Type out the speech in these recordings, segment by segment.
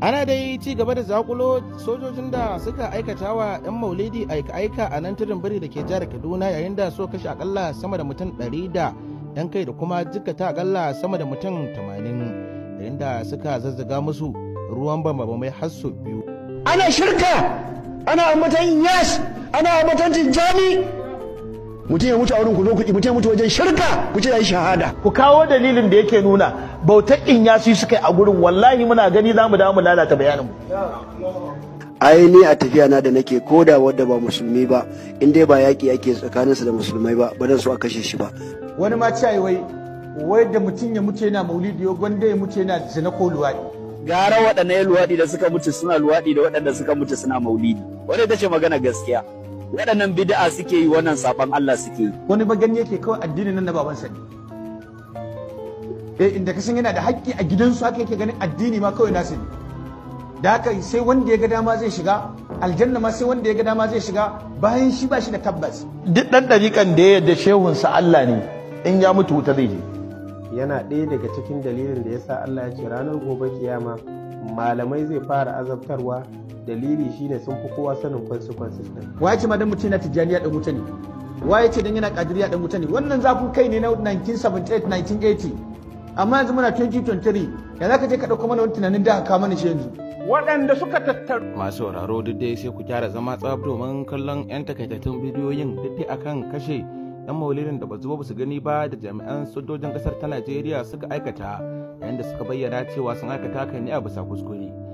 ana dai ci gaba da zakulo sojojin da suka aikata wa 'yan maulidi aika-aika a nan tudun biri da ke jihar kaduna yayin da so kashe akalla sama da mutum 100 da 'yan kai da kuma jikata akalla sama da mutum 80 yayin da suka zazzaga musu ruwan mai hasso biyu ana shirka ana ambatan yas ana ambatan tijjani mutum ya mutu a wurin ku zo kuɗi mutum ya mutu wajen shirka ku ce yi shahada ku kawo dalilin da yake nuna bautar in ya su suka yi a gurin wallahi muna gani za mu mu lalata bayanin mu ai ni a tafiya na da nake ko da wadda ba musulmi ba in dai ba yaki yake tsakaninsa da musulmai ba ba su so a kashe shi ba wani ma cewa wai wai da mutum ya mutu yana maulidi yo gwanda ya mutu yana zina ko luwaɗi. gara waɗannan luwaɗi da suka mutu suna luwaɗi da waɗanda suka mutu suna maulidi wanda ta ce magana gaskiya waɗannan bid'a suke yi wannan saban Allah suke yi wani bagan yake kawai addinin nan na sa ne eh inda kasan yana da haƙƙi a gidansu haka yake ganin addini ma kawai nasu ne da haka sai wanda ya ga dama zai shiga aljanna ma sai wanda ya ga dama zai shiga bayan shi ba shi da tabbas duk ɗan ɗariƙan da ya yarda sa Allah ne in ya mutu wuta zai je yana ɗaya daga cikin dalilin da ya sa Allah ya ce ranar gobe kiyama malamai zai fara azabtarwa dalili shine sun fi kowa sanin consequences din waye ce madan mutum na tijaniya da mutane waye ce dan yana kadiriya da mutane wannan zafin kai ne na 1978 1980 amma yanzu muna 2023 yanzu ka je ka dauko mana wani tunanin da aka mana shi yanzu waɗanda suka tattar Masu sauraro duk dai sai ku gyara zama tsab domin kallon 'yan takaitattun bidiyoyin duk dai akan kashe 'yan maulidin da ba zuwa su gani ba da jami'an sojojin kasar ta Najeriya suka aikata yayin da suka bayyana cewa sun aikata kan ne a bisa kuskure.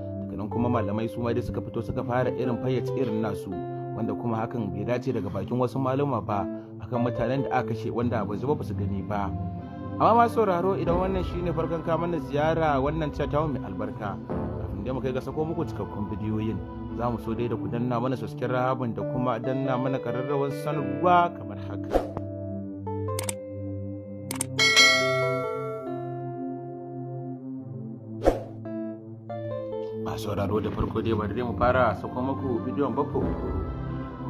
sannan kuma malamai su ma dai suka fito suka fara irin fayyace irin nasu wanda kuma hakan bai dace daga bakin wasu maluma ba akan mutanen da aka kashe wanda ba zuba ba su gani ba amma ma sauraro idan wannan shine farkon ka na ziyara wannan catawa mai albarka kafin dai mu kai ga sako muku cikakkun bidiyoyin za mu so dai da ku danna mana subscribe da kuma danna mana kararrawar sanarwa kamar haka masu sauraro da farko dai bari dai mu fara sako maku bidiyon bako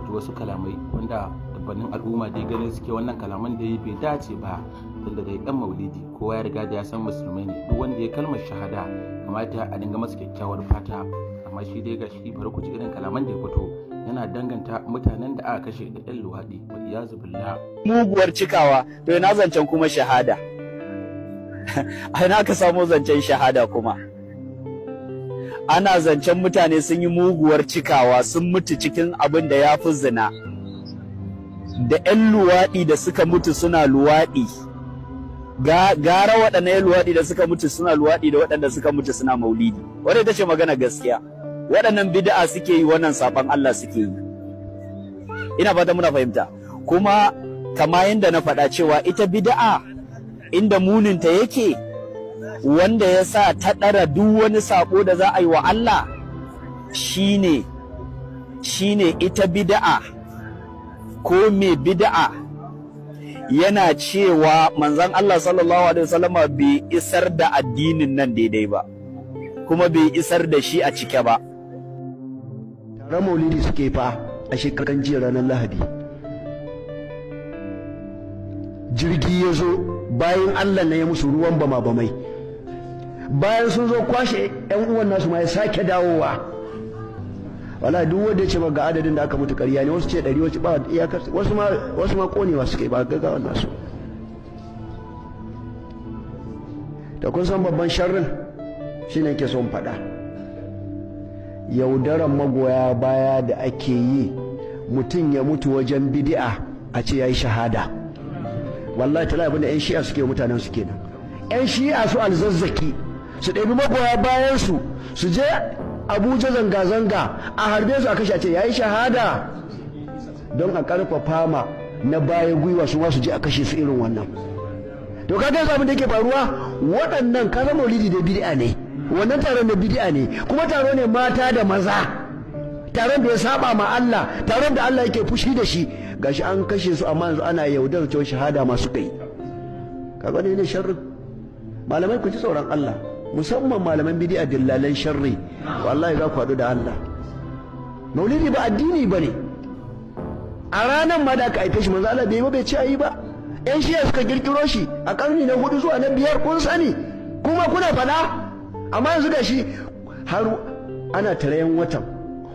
ji wasu kalamai wanda dabbanin al'umma dai ganin suke wannan kalaman da ya bai dace ba tunda dai dan maulidi kowa ya riga da ya san musulmai ne duk wanda ya kalmar shahada kamata a dinga masa kyakkyawar fata amma shi dai ga shi bari ku ji irin kalaman da ya fito yana danganta mutanen da aka kashe da yan luwaɗi wa iyazu muguwar cikawa to ina zancen kuma shahada ai na ka samo zancen shahada kuma ana zancen mutane sun yi muguwar cikawa sun mutu cikin abin da ya fi zina da 'yan luwaɗi da suka mutu suna luwaɗi gara waɗanda 'yan luwaɗi da suka mutu suna luwaɗi da waɗanda suka mutu suna maulidi wadda ita ce magana gaskiya waɗannan bid'a suke yi wannan saban Allah suke yi ina fata muna fahimta kuma kama yadda na faɗa cewa ita bid'a inda muninta yake wanda ya sa ta ɗara duk wani saƙo da za a yi wa Allah shine shine ita bida'a ko mai bida'a yana cewa manzan Allah sallallahu alaihi wasallama bai isar da addinin nan daidai ba kuma bai isar da shi a cike ba tare maulidi suke fa a shekarun jiya ranar lahadi jirgi ya zo bayan Allah na ya musu ruwan bama-bamai bayan sun zo kwashe yan uwan nasu ma ya sake dawowa wala duk wanda ya ce ga adadin da aka mutu ƙarya ne wasu ce ɗari wasu ba iyakar wasu ma wasu ma konewa suke ba gaggawa nasu da kun san babban sharrin ne ke son faɗa yaudaran magoya baya da ake yi mutum ya mutu wajen bidi'a a ce ya yi shahada wallahi tala da 'yan shi'a suke mutanen su kenan 'yan shi'a su alzazzaki su ɗabi magoya bayan su su je abuja zanga-zanga a harbe su a kashe ce ya yi shahada don a ƙarfafa ma na baya gwiwa su su je a kashe su irin wannan to kaga yanzu abin da yake faruwa waɗannan kaza maulidi da Bidi'a ne wannan taron da Bidi'a ne kuma taro ne mata da maza taron da ya saba ma Allah taron da Allah yake fushi da shi gashi an kashe su amma yanzu ana yaudar cewa shahada masu kai kaga ne ne sharri malamai ku ji tsoron Allah musamman malaman bid'a dillalan sharri wallahi za ku hadu da Allah maulidi ba addini ba ne a ranar ma da aka aike shi manzo Allah bai ba bai ci ayi ba yan shiya suka kirkiro shi a karni na hudu zuwa na biyar kun sani kuma kuna faɗa amma yanzu ga shi har ana tarayen watan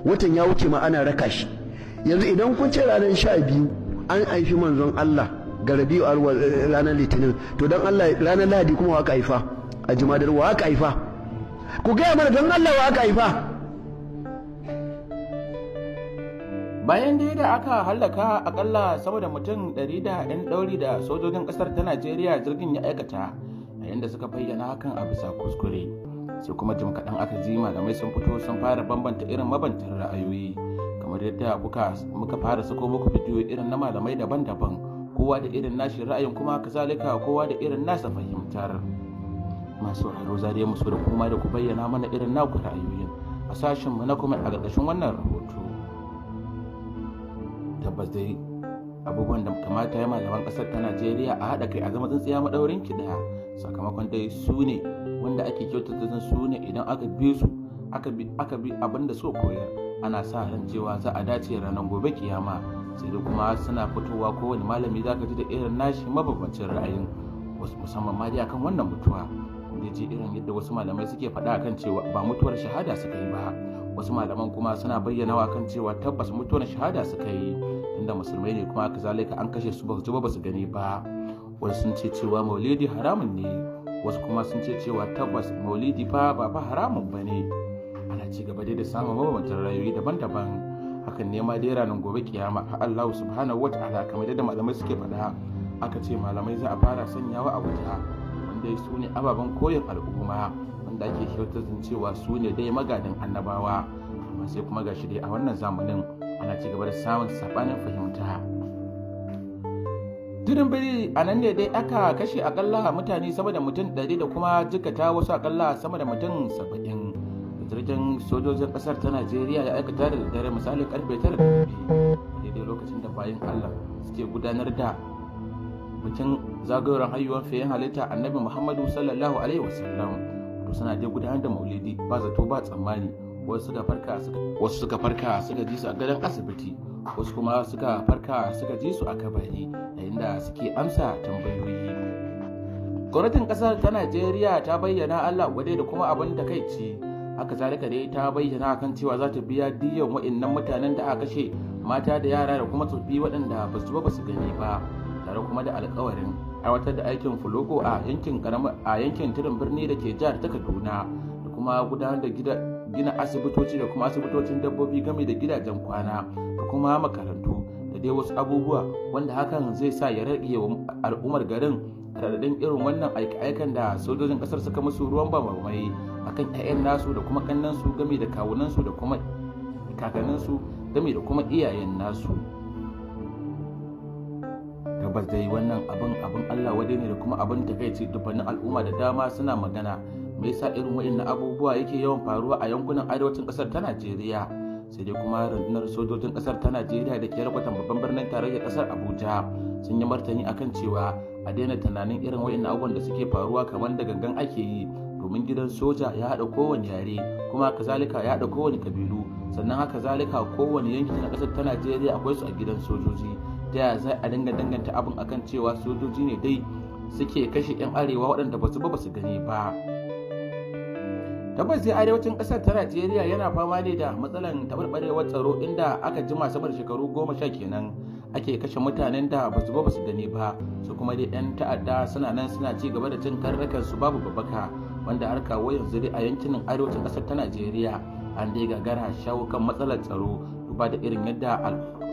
watan ya wuce ma ana raka shi yanzu idan kun ce ranar sha biyu an haifi manzon Allah ga rabi'u eh, ranar litinin to don ranar lahadi kuma wa aka haifa a jimadar wa aka haifa ku gaya mana don Allah wa aka haifa bayan dai da aka hallaka akalla sama da mutum 100 da 'yan ɗauri da sojojin ƙasar ta najeriya jirgin ya aikata a yadda suka bayyana hakan a bisa kuskure sai kuma jim kaɗan aka ji malamai sun fito sun fara bambanta irin mabantan ra'ayoyi kamar yadda muka fara sako muku bidiyo irin na malamai daban-daban kowa da irin nashi ra'ayin kuma kazalika kowa da irin nasa fahimtar. masu sauraro zare mu so da kuma da ku bayyana mana irin naku ra'ayoyin a sashen mu na kuma a ƙarƙashin wannan rahoto tabbas dai abubuwan da kamata ya malaman ƙasar ta najeriya a haɗa kai a zama tsintsiya maɗaurin ki sakamakon dai su ne wanda ake kyautata su ne idan aka bi su aka bi abin da so koyar ana sa ran cewa za a dace ranar gobe kiyama sai dai kuma suna fitowa kowane malami zaka ji da irin nashi mabambancin ra'ayin wasu musamman ma dai akan wannan mutuwa ya ji irin yadda wasu malamai suke faɗa kan cewa ba mutuwar shahada suka yi ba wasu malaman kuma suna bayyanawa kan cewa tabbas mutuwar shahada suka yi inda musulmai ne kuma zalika an kashe su ba su ba su gani ba wasu sun ce cewa maulidi haramun ne wasu kuma sun ce cewa tabbas maulidi fa ba fa haramun ba ne ana ci gaba dai da samun mabambantan rayoyi daban-daban hakan ne ma dai ranar gobe kiyama a Allah subhanahu wa ta'ala kamar yadda malamai suke faɗa aka ce malamai za a fara sanyawa a wata waɗannan su ne ababen koyon al'umma wanda ake kyautata cewa su ne dai magadin annabawa amma sai kuma gashi dai a wannan zamanin ana ci gaba da samun sabanin fahimta Dirin biri a nan ne dai aka kashe akalla mutane sama da mutum ɗari da kuma jikata wasu akalla sama da mutum saba'in jirgin sojojin kasar ta najeriya ya aikata da dare misali karfe tara da daidai lokacin da bayan allah suke gudanar da mutum zagayowar haihuwar fiyen halitta annabi muhammadu sallallahu alaihi wasallam to suna je gudanar da maulidi ba zato ba tsammani wasu suka farka suka farka ji su a gadon asibiti wasu kuma suka farka suka ji su a kabari yayin da suke amsa tambayoyi gwamnatin kasar ta najeriya ta bayyana allah gwade da kuma abin da kai ce haka zalika dai ta bayyana kan cewa za ta biya diyan wa'annan mutanen da aka kashe mata da yara da kuma tsofi waɗanda ba su ba su gani ba tare kuma da alkawarin aiwatar da aikin fuloko a yankin a yankin tirin birni da ke jihar ta kaduna da kuma gudanar da gina asibitoci da kuma asibitocin dabbobi game da gidajen kwana da kuma makarantu da dai wasu abubuwa wanda hakan zai sa ya rage wa al'ummar garin radadin irin wannan aika da sojojin kasar suka musu ruwan bamamai akan 'ya'yan nasu da kuma kannansu game da kawunansu da kuma kakanninsu game da kuma iyayen nasu. tabbas dai wannan abin abin Allah wadai ne da kuma abin da kai ce dufannin al'umma da dama suna magana me yasa irin wa'annan abubuwa yake yawan faruwa a yankunan arewacin kasar ta Najeriya sai dai kuma rundunar sojojin kasar ta Najeriya da ke rakwatan babban birnin tarayyar kasar Abuja sun yi martani akan cewa a daina tunanin irin wa'annan abubuwan da suke faruwa kamar da gangan ake yi domin gidan soja ya haɗa kowane yare kuma kazalika ya haɗa kowane kabilu sannan haka zalika kowane yanki na kasar ta najeriya akwai su a gidan sojoji da za a dinga danganta abin akan cewa sojoji ne dai suke kashe 'yan arewa waɗanda basu ba basu gani ba tabbas arewacin ƙasar ta najeriya yana fama ne da matsalan taɓarɓarewar tsaro inda aka jima sama da shekaru goma sha kenan ake kashe mutanen da basu ba basu gani ba su kuma dai 'yan ta'adda suna nan suna ci gaba da cin karrakan su babu babbaka wanda har kawo yanzu dai a yankin arewacin ƙasar ta najeriya an dai gagara shawo kan matsalar tsaro ba da irin yadda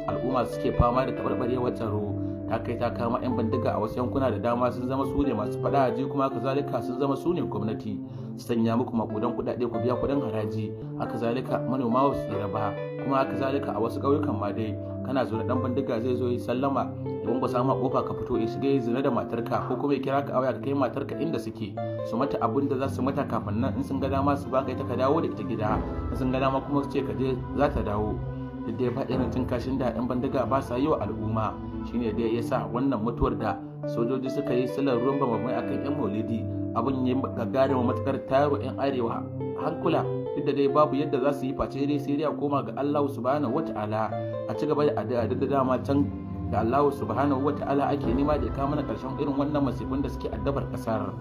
al'umma suke fama da tabarbarewar tsaro ta kai ta kama 'yan bindiga a wasu yankuna da dama sun zama su ne masu faɗa aji kuma haka zalika sun zama su ne gwamnati sanya muku makudan kuɗaɗe ku biya kudin haraji haka zalika manoma ba su tsira ba kuma haka zalika a wasu ƙauyukan ma dai kana zo da dan bindiga zai zo yi sallama domin ba samu kofa ka fito ya shiga ya zina da matarka ko kuma ya kira ka a ka kai matarka inda suke su mata abin da za su mata kafin nan in sun ga dama su baka ita ka dawo da ita gida in sun ga dama kuma su ce ka je za ta dawo duk dai ba irin jin kashin da 'yan bandiga ba sa yi wa al'umma shine dai ya sa wannan mutuwar da sojoji suka yi silar ruwan bamamai a kan 'yan maulidi abin ya wa matukar tayarwa 'yan arewa hankula duk da dai babu yadda za su yi face dai sai dai koma ga allahu subhanahu wata'ala a ci gaba da addu'a da dama can ga allahu subhanahu wata'ala ake nema da ya kawo mana karshen irin wannan masifin da suke addabar kasar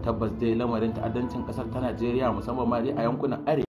tabbas dai lamarin ta'addancin kasar ta najeriya musamman ma dai a yankunan arewa